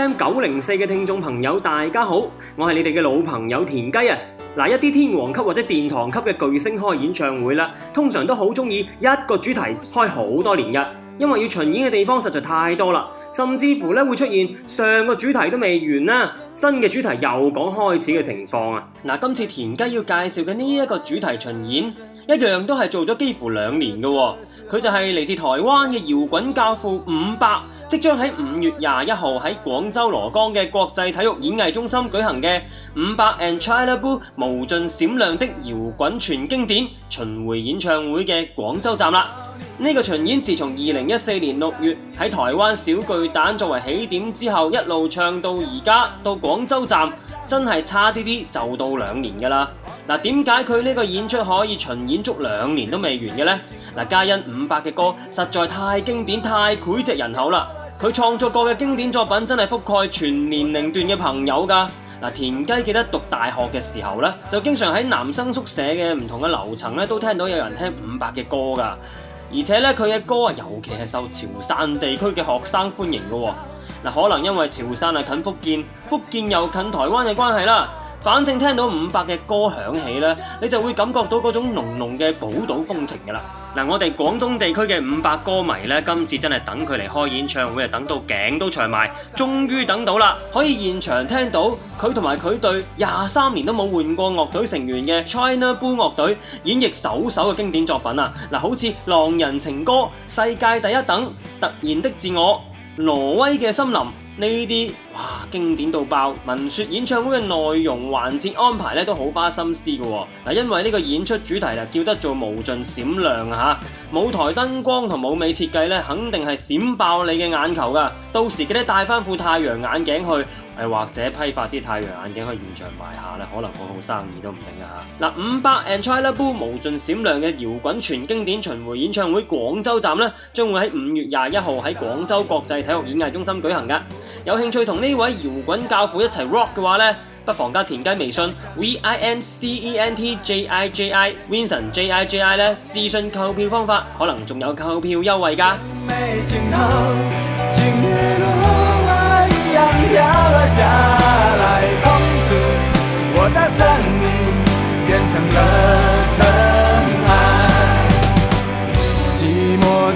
M 九零四嘅聽眾朋友，大家好，我係你哋嘅老朋友田雞啊！嗱，一啲天王級或者殿堂級嘅巨星開演唱會啦，通常都好中意一個主題開好多年日，因為要巡演嘅地方實在太多啦，甚至乎咧會出現上個主題都未完啦，新嘅主題又講開始嘅情況啊！嗱，今次田雞要介紹嘅呢一個主題巡演，一樣都係做咗幾乎兩年嘅，佢就係嚟自台灣嘅搖滾教父伍佰。即將喺五月廿一號喺廣州蘿崗嘅國際體育演藝中心舉行嘅《伍佰 and China Blue 無盡閃亮的搖滾全經典》巡迴演唱會嘅廣州站啦！呢、這個巡演自從二零一四年六月喺台灣小巨蛋作為起點之後，一路唱到而家到廣州站，真係差啲啲就到兩年噶啦！嗱，點解佢呢個演出可以巡演足兩年都未完嘅咧？嗱，皆因伍佰嘅歌實在太經典、太膾炙人口啦！佢創作過嘅經典作品真係覆蓋全年齡段嘅朋友㗎。嗱，田雞記得讀大學嘅時候呢就經常喺男生宿舍嘅唔同嘅樓層呢都聽到有人聽伍佰嘅歌㗎。而且呢，佢嘅歌啊，尤其係受潮汕地區嘅學生歡迎嘅。嗱，可能因為潮汕啊近福建，福建又近台灣嘅關係啦。反正聽到伍佰嘅歌響起咧，你就會感覺到嗰種濃濃嘅寶島風情噶啦。嗱、啊，我哋廣東地區嘅伍佰歌迷咧，今次真係等佢嚟開演唱會，等到頸都長埋，終於等到啦，可以現場聽到佢同埋佢隊廿三年都冇換過樂隊成員嘅 China Blue 樂隊演繹首首嘅經典作品啊！嗱，好似《浪人情歌》、《世界第一等》、《突然的自我》。挪威嘅森林呢啲哇，經典到爆！聞說演唱會嘅內容環節安排咧都好花心思嘅。嗱，因為呢個演出主題就叫得做無盡閃亮啊，舞台燈光同舞美設計咧肯定係閃爆你嘅眼球噶，到時記得帶返副太陽眼鏡去。或者批發啲太陽眼鏡去現場賣下咧，可能好好生意都唔定嘅嚇。嗱，伍佰 And China Blue 無盡閃亮嘅搖滾全經典巡迴演唱會廣州站咧，將會喺五月廿一號喺廣州國際體育演藝中心舉行嘅。有興趣同呢位搖滾教父一齊 rock 嘅話咧，不妨加田雞微信 v i n c e n t j i j i vincent j i j i 咧諮詢購票方法，可能仲有購票優惠㗎。